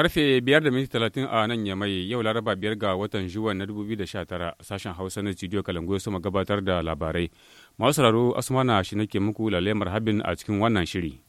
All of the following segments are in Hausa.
Karfe biyar da minti talatin a nan ya mai yau laraba biyar ga watan juwan na 2019 sashen Hausa na studio Kalangoyo sama gabatar da labarai. Masu sauraro Asmana shi nake muku lalemar habin a cikin wannan shiri.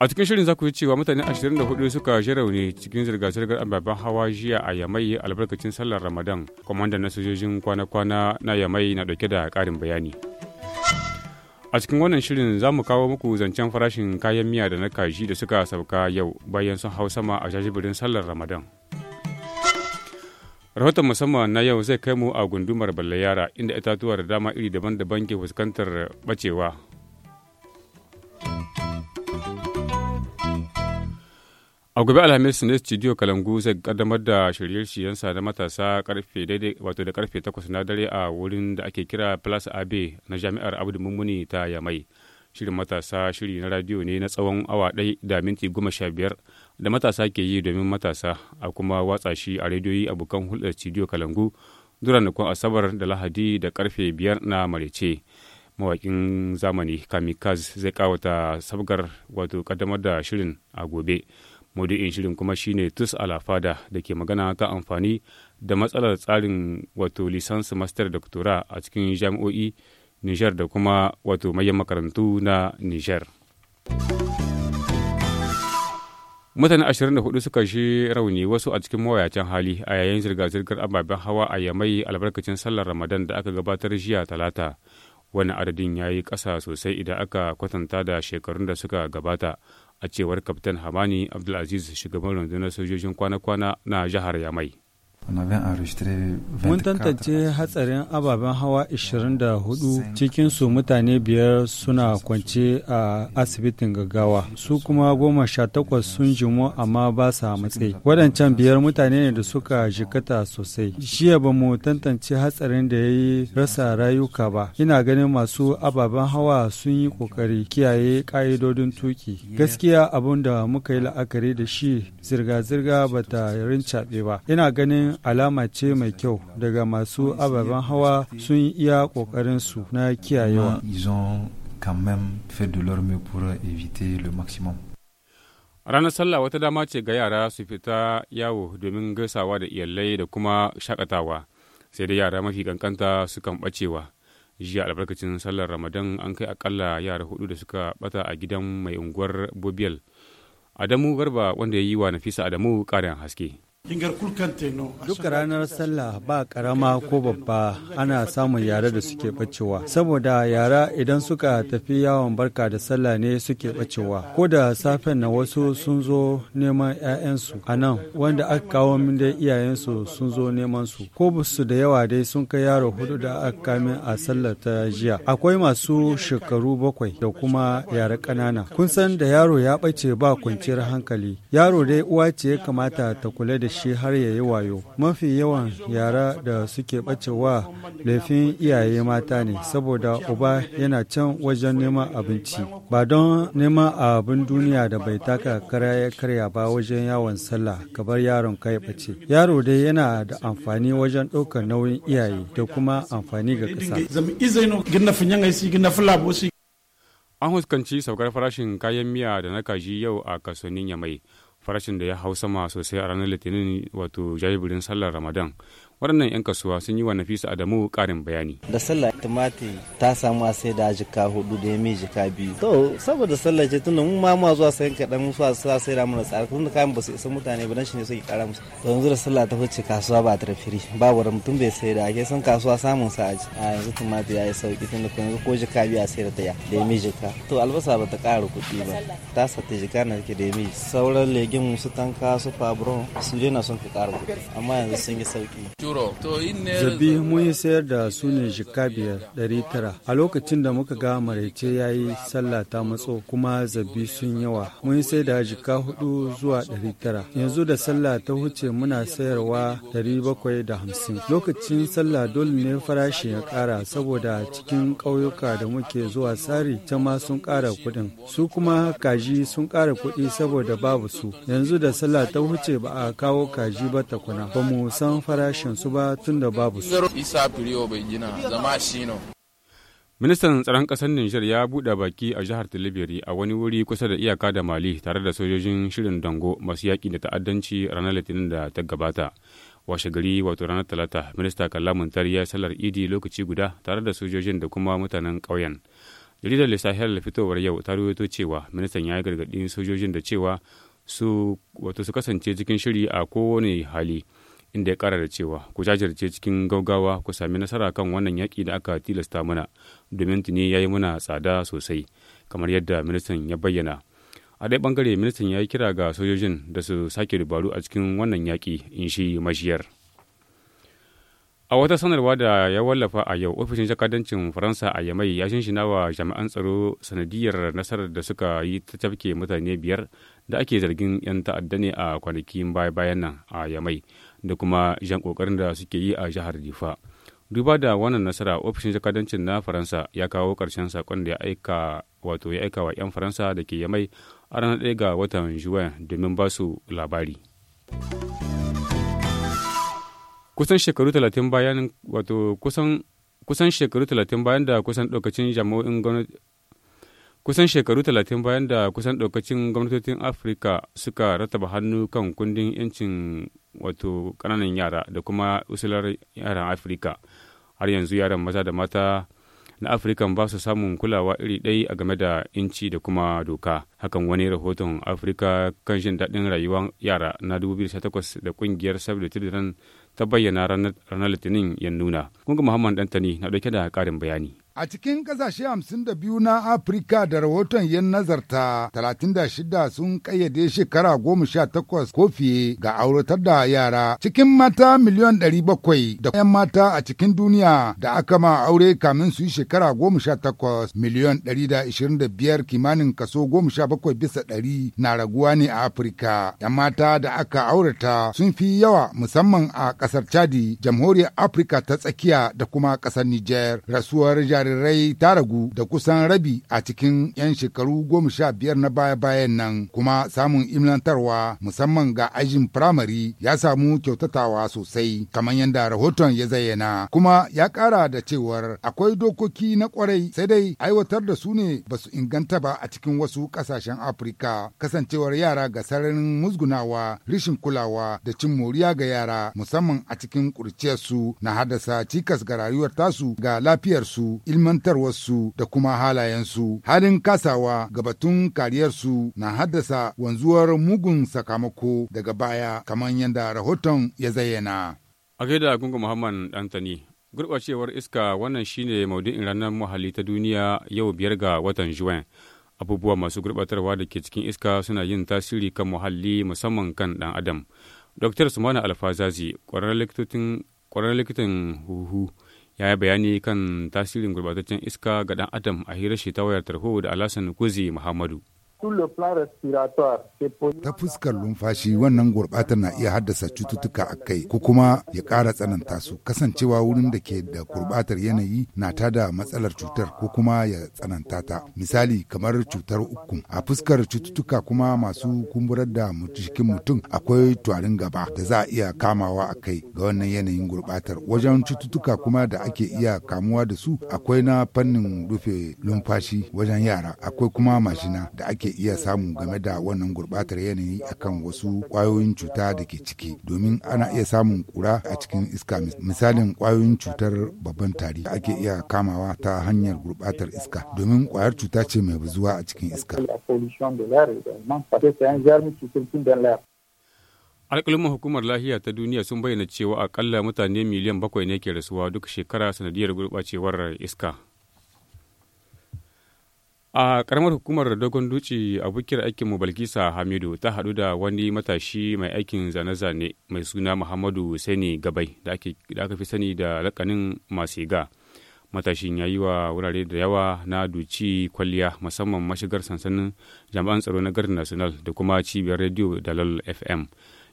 a cikin shirin za ku yi cewa mutane 24 suka ji rauni cikin zirga-zirgar ababen hawa jiya a yamai albarkacin sallar ramadan kwamandan na sojojin kwana-kwana na yamai na dauke da karin bayani A cikin wannan shirin za mu kawo muku zancen farashin kayan miya da na kaji da suka sauka yau bayan sun hau sama a jajibirin sallar Ramadan. Rahoton musamman na yau zai kai mu a gundumar yara inda itatuwa da dama iri daban-daban ke fuskantar bacewa a gobe alhamis ne studio kalangu zai kaddamar da shirye-shiryensa na matasa karfe daidai wato da karfe takwas na dare a wurin da ake kira plus abe na jami'ar abdu mummuni ta yamai shirin matasa shiri na radio ne na tsawon awa ɗai da minti goma sha biyar da matasa ke yi domin matasa a kuma watsa shi a rediyoyi abokan hulɗar studio kalangu kun asabar da lahadi da karfe biyar na marece mawakin zamani kamikaz zai kawata sabgar wato kaddamar da shirin a gobe maudu'in shirin kuma shine tus alafada da ke magana ta amfani da matsalar tsarin wato lisansi master doctora a cikin jami'o'i nijar da kuma wato mayan makarantu na nijar mutane 24 suka shi rauni wasu a cikin mawayacin hali a yayin zirga-zirgar ababen hawa a yamai albarkacin sallar ramadan da aka gabatar jiya talata wani adadin ya yi ƙasa sosai idan aka kwatanta da shekarun da suka gabata a cewar kaftan hamani abdulaziz shugaban rundunar sojojin kwana-kwana na jihar yamai Mun tantance hatsarin ababen hawa 24 cikin su mutane biyar suna kwance a asibitin gaggawa su kuma goma sha takwas sun jimu amma ba sa matsayi. Wadancan biyar mutane ne da suka jikata sosai. Jiya ba mu tantance hatsarin da ya yi rasa rayuka ba. Ina ganin masu ababen hawa sun yi kokari kiyaye ka'idodin tuki. Gaskiya abun da muka yi la'akari da shi zirga-zirga bata rincaɓe ba. Ina ganin alama ce mai kyau daga masu ababen hawa sun iya kokarin su na kiyayewa. Ranar sallah wata dama ce ga yara su fita yawo domin gaisawa da iyalai da kuma shakatawa sai dai yara mafi kankanta sukan bacewa. Jiya albarkacin sallar Ramadan an kai akalla yara hudu da suka bata a gidan mai unguwar bobiel Adamu Garba wanda ya yi wa Nafisa Adamu ƙarin haske. Duk ranar sallah ba karama ko babba ana samun yare da suke bacewa. Saboda yara idan suka tafi yawon barka da sallah ne suke bacewa. Ko da safen na wasu sun zo neman 'ya'yansu a nan wanda aka kawo min da iyayensu sun zo neman su. Ko su da yawa dai sun kai yaro hudu da aka kame a sallar ta jiya. Akwai masu shekaru bakwai da kuma yare ƙanana. Kun san da yaro ya bace ba kwanciyar hankali. Yaro dai uwa ce ya kamata ta kula da shi. shi har ya yi wayo mafi yawan yara da suke wa laifin iyaye mata ne saboda uba yana can wajen neman abinci ba don neman abin duniya da bai taka kara ya karya ba wajen yawon sallah kabar yaron ka ya bace yaro dai yana da amfani wajen ɗaukar nauyin iyaye da kuma amfani ga ƙasa an huskanci saukar farashin kayan miya da na kaji yau a kasuwannin yamai farashin da ya hau sama sosai a ranar litinin wato jajibirin sallar ramadan waɗannan 'yan kasuwa sun yi wa nafisa adamu ƙarin bayani da sallah tumatir ta samu a sai da jika hudu da yami jika biyu to saboda sallah ce tunda mun ma ma zuwa sayan kaɗan musu a sa sai da mana tsara da kayan ba su isa mutane ba dan shi ne suke ƙara musu to yanzu da sallah ta wuce kasuwa ba ta firi ba da mutum bai sai da ake son kasuwa samun sa aji a yanzu tumatir ya yi sauki tunda ko yanzu ko jika biyu a sai da da ya da yami jika to albasa ba ta ƙara kuɗi ba ta sa ta jika na take da yami sauran legimu su tanka su fabron su je na son ka ƙara kuɗi amma yanzu sun yi sauki euro zabi mun sayar da su ne jika biyar ɗari tara a lokacin da muka ga maraice ya yi sallah ta matso kuma zabi sun yawa mun yi sayar da jika hudu zuwa ɗari tara yanzu da sallah ta huce muna sayarwa ɗari bakwai da hamsin lokacin sallah dole ne farashi ya ƙara saboda cikin ƙauyuka da muke zuwa tsari ta ma sun ƙara kuɗin su kuma kaji sun ƙara kuɗi saboda babu su yanzu da sallah ta huce ba a kawo kaji ba takuna ba mu san farashin su su ba tun da babu su. Isa Firiyo bai zama shi Ministan tsaron ƙasar Nijar ya buɗe baki a jihar Tilibiri a wani wuri kusa da iyaka da Mali tare da sojojin shirin Dango masu yaƙi da ta'addanci ranar Litinin da ta gabata. Washe gari wato ranar Talata, Minista Kallamun Tari ya sallar Idi lokaci guda tare da sojojin da kuma mutanen ƙauyen. Jaridar Lissahiyar fitowar yau ta rawaito cewa ministan ya yi gargaɗin sojojin da cewa su wato su kasance cikin shiri a kowane hali. inda ya kara da cewa ku jajirce cikin gaugawa ku sami nasara kan wannan yaƙi da aka tilasta mana domin tuni ya yi muna tsada sosai kamar yadda ministan ya bayyana a ɗaya ɓangare ministan ya yi kira ga sojojin da su sake dubaru a cikin wannan yaƙi in shi mashiyar a wata sanarwa da ya wallafa a yau ofishin jakadancin faransa a yamai ya shinshina wa jami'an tsaro sanadiyar nasarar da suka yi ta tafke mutane biyar da ake zargin 'yan ta'adda ne a kwanakin baya-bayan nan a yamai da kuma jan kokarin da suke yi a jihar difa duba da wannan nasara ofishin jakadancin na faransa ya kawo ƙarshen sakon da ya aika wato ya aika wa 'yan faransa da ke yamai a ranar ɗaya ga watan juwan domin ba su labari kusan shekaru talatin bayan wato kusan kusan shekaru talatin bayan da kusan ɗaukacin jami'o'in gwamnati kusan shekaru talatin bayan da kusan ɗaukacin gwamnatocin afirka suka rataba hannu kan kundin 'yancin wato ƙananan yara da kuma usular yaran afirka har yanzu yaran maza da mata na afirka ba su samun kulawa iri ɗaya a game da inci da kuma doka hakan wani rahoton afirka kan jin daɗin rayuwar yara na 2018 da ƙungiyar da ta bayyana ranar litinin ya nuna kunga muhammad dantani na ɗauke da ƙarin bayani A cikin ƙasashe 52 na Afirka da rahoton yan nazarta 36 sun ƙayyade shekara 18 ko fiye ga auratar da yara cikin mata miliyon 700 da 'yan mata a cikin duniya da aka ma aure kamin su yi shekara 18 miliyon 125 kimanin kaso 17 bisa 100 na raguwa ne a Afirka. 'Yan mata da aka aurata sun fi yawa musamman a ƙasar Chadi, jamhuriyar Afirka ta tsakiya da kuma ƙasar Nijar. Rasuwar jarirai ta ragu da kusan rabi a cikin 'yan shekaru goma sha biyar na baya-bayan nan kuma samun imlantarwa musamman ga ajin firamare ya samu kyautatawa sosai kamar yadda rahoton ya zayyana kuma ya ƙara da cewar akwai dokoki na kwarai sai dai aiwatar da su ne ba su inganta ba a cikin wasu kasashen afirka kasancewar yara ga sararin musgunawa rishin kulawa da cin moriya ga yara musamman a cikin ƙurciyarsu na haddasa cikas ga rayuwar tasu ga lafiyarsu ilmantarwarsu da kuma halayensu. Halin kasawa ga batun kariyarsu na haddasa wanzuwar mugun sakamako daga baya kamar yadda rahoton ya zayyana. A gaida gungun Muhammad Dantani, gurɓacewar iska wannan shine maudu'in ranar muhalli ta duniya yau biyar ga watan Juin. Abubuwa masu gurɓatarwa da ke cikin iska suna yin tasiri kan muhalli musamman kan ɗan adam. Dr. Sumana Alfazazi, ƙwararren likitan huhu ya yi bayani kan tasirin gurbataccen iska ga ɗan adam a hirar shi ta wayar tarho da alasan kuzi muhammadu Ta fuskar lumfashi wannan gurɓatar na iya haddasa cututtuka a kai ko kuma ya ƙara tsananta su kasancewa wurin da ke da gurɓatar yanayi na ta da matsalar cutar ko kuma ya tsananta ta. Misali kamar cutar uku A fuskar cututtuka kuma masu kumburar da jikin mutum akwai tuwarin gaba da za a iya kamawa a kai ga wannan yanayin gurɓatar. Wajen cututtuka kuma da ake iya kamuwa da su akwai na fannin rufe lumfashi wajen yara akwai kuma mashina da ake ake iya samu game da wannan gurbatar yanayi akan wasu kwayoyin cuta da ke ciki domin ana iya samun kura a cikin iska misalin kwayoyin cutar babban tari ake iya kamawa ta hanyar gurbatar iska domin kwayar cuta ce mai bazuwa a cikin iska alƙalin hukumar lahiya ta duniya sun bayyana cewa akalla mutane miliyan bakwai ne ke rasuwa duk shekara sanadiyar gurɓacewar iska a karamar hukumar dogon duci abokiyar aikin mu balkisa hamidu ta haɗu da wani matashi mai aikin zane-zane mai suna muhammadu sani gabai da aka fi sani da lakanin masiga matashin ya yi wa wurare da yawa na duci kwalliya musamman mashigar sansanin jami'an tsaro na garin national da kuma cibiyar rediyo dalal fm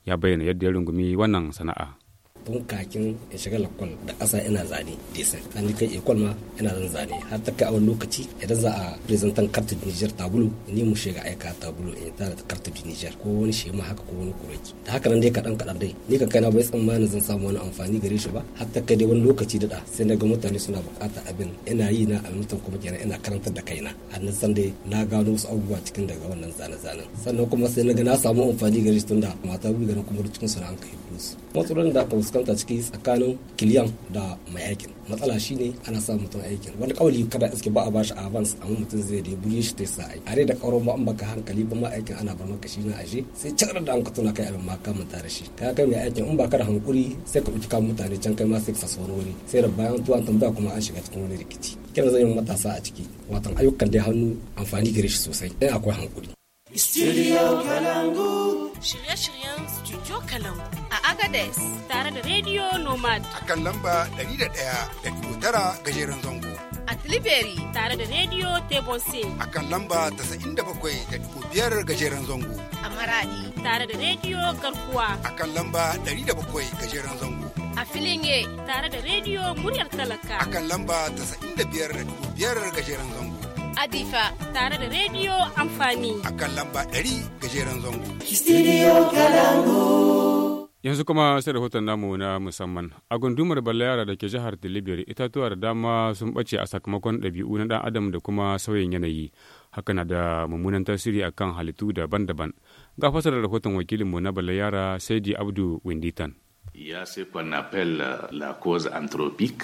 ya bayyana yadda ya rungumi wannan sana'a tun kakin in shiga lakwal da ƙasa ina zane desin an kai ekol ma ina zan zane har ta kai a wani lokaci idan za a presentan kartar niger tabulu ni mu shiga aika tabulu in ta da kartar niger ko wani ma haka ko wani kureki da haka nan dai kaɗan kaɗan dai ni ka kaina bai tsammanin zan samu wani amfani gare shi ba har ta kai dai wani lokaci da sai na ga mutane suna a abin ina yi na almutan kuma kenan ina karantar da kaina a nan san dai na gano wasu abubuwa cikin daga wannan zane-zanen sannan kuma sai na ga na samu amfani gare shi tunda mata biyu kuma cikin su an kai su matsalolin da aka fuskanta ciki tsakanin kiliyan da mai aikin matsala shine ana sa mutum aikin wani kawali kada iske ba a bashi a amma mutum zai da buye shi ta sa aiki are da karo ba an baka hankali ba ma aikin ana bar maka shi na aje sai cikar da an ka tuna kai abin ma ka manta da shi ka kai mai aikin in ba ka da hankuri sai ka ɗauki kan mutane can kai ma sai ka fasa wani sai da bayan tuwan tambaya kuma an shiga cikin wani rikici kira zan yi matasa a ciki watan ayyukan dai hannu amfani gare shi sosai dan akwai hankuri. Studio Kalangu. shirye-shiryen Studio Kalangu a Agades tare da Radio Nomad. A kan lamba 101.9 gajeren zango. A Tilibiri tare da Radio Tebose. A kan lamba 97.5 gajeren zango. A Maradi tare da Radio Garkuwa. A kan lamba 107 gajeren zango. A Filinge tare da Radio Muryar Talaka. A kan lamba 95.5 gajeren zango. Adifa tare da rediyo amfani. A kan lamba 100 gajeren zango. Studio Kalangu. Yanzu kuma sai rahoton namu na musamman. A gundumar Balayara da ke jihar Delivery itatuwa da dama sun ɓace a sakamakon ɗabi'u na ɗan adam da kuma sauyin yanayi. Haka na da mummunan tasiri akan halittu daban-daban. Ga da rahoton wakilinmu na Balayara Saidi Abdu Winditan.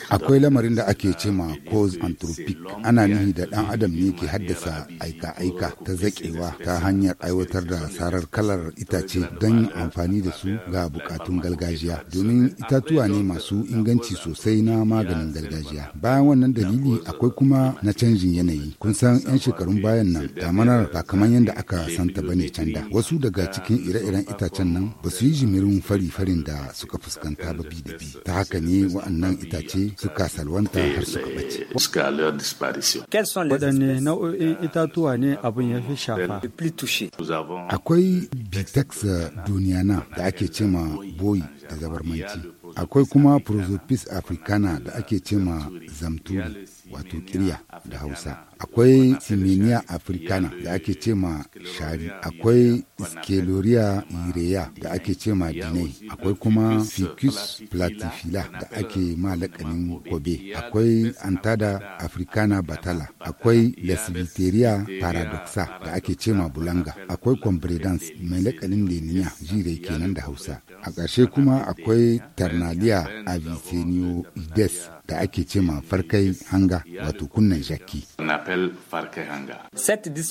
Akwai lamarin da ake cema cause anthropic ana nihi da ɗan adam ne ke haddasa aika-aika ta zaƙewa ta hanyar aiwatar da sarar kalar itace don yin amfani da su ga bukatun gargajiya domin itatuwa ne masu inganci sosai na maganin gargajiya. Bayan wannan dalili akwai kuma na canjin yanayi. Kun san 'yan shekarun bayan nan damanar ba kamar yadda aka santa bane canda. Wasu daga cikin ire-iren itacen nan ba su yi jimirin fari-farin da su suka fuskanta ba bi da bi ta haka ne wa'annan itace suka salwanta har suka bace waɗanne nau'o'in euh, itatuwa ne abin ya fi shafa akwai bitex duniyana da ake cema boyi da zabarmanci akwai kuma prosopis africana da ake cema zamturi wato kirya da hausa akwai simenia africana da ake ce ma shari akwai skeloria ireya da ake ce ma dinai akwai kuma ficus platifila da ake ma lakanin kobe akwai antada africana batala akwai lesbiteria paradoxa da ake ce ma bulanga akwai combredance mai lakanin leniya jire kenan da hausa a ƙarshe kuma akwai tarnaliya avicenio des da ake ce ma farkai hanga wato kunnan jaki.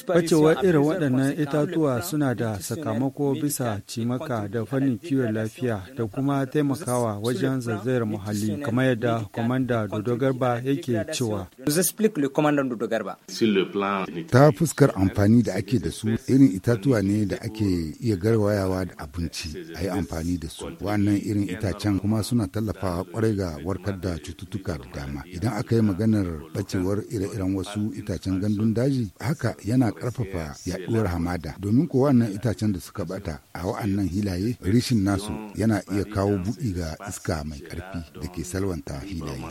Bacewar irin waɗannan itatuwa suna da sakamako bisa cimaka da fannin kiwon lafiya da kuma taimakawa wajen zazzayar muhalli kamar yadda kwamanda Dodo Garba yake cewa. Ta fuskar amfani da ake da su irin itatuwa ne da ake iya garwayawa da abinci a yi amfani da su. Wannan irin itacen kuma suna tallafawa kwarai ga warkar da cututtuka cututtuka da dama idan aka yi maganar bacewar ire-iren wasu itacen gandun daji haka yana karfafa yaduwar hamada domin ko wannan itacen da suka bata a wa'annan hilaye rishin nasu yana iya kawo buɗi ga iska mai karfi da ke salwanta hilaye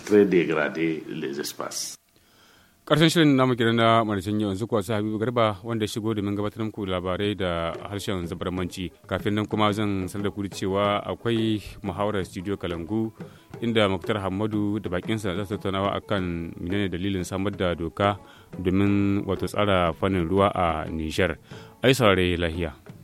karshen shirin namu gidan na maricin yau yanzu kuwa habibu garba wanda ya shigo domin gabatar muku labarai da harshen zabarmanci kafin nan kuma zan sanar da ku cewa akwai muhawarar studio kalangu inda muktar hamadu da bakinsa za su tattaunawa akan menene dalilin samar da doka domin wato tsara fannin ruwa a nijar ai saurare lahiya